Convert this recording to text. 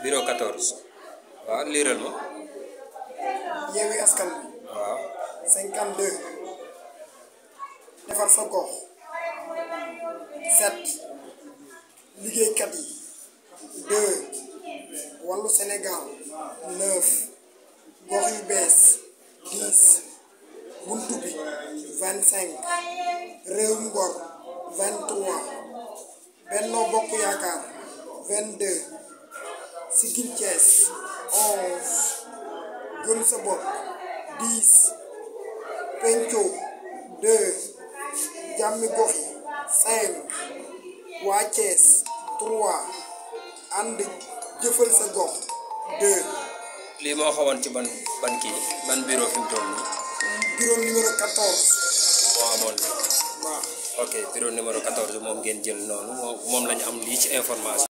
bureau 14 waaw liiral ma. Yewwi Askan Wi. waaw. 52. defar sa gox. 7. liggéeykat yi. 2. wàllu Sénégal. 9. gox yu bees. 10. buntu bi. 25. ngor. 23. Benno Bokk Yaakaar. 22. si Guin Thiès onze gëm sa bopp dix penco deux jàmmi gox yi cinq waa Thiès trois ànd jëfal sa gox deux li mo xawon ci ban ban ki ban bureau fim tolni bureau numéro 14 moo amoon waaw ok bureau numéro 14 mom ngeen jël non, mom lañ am li ci information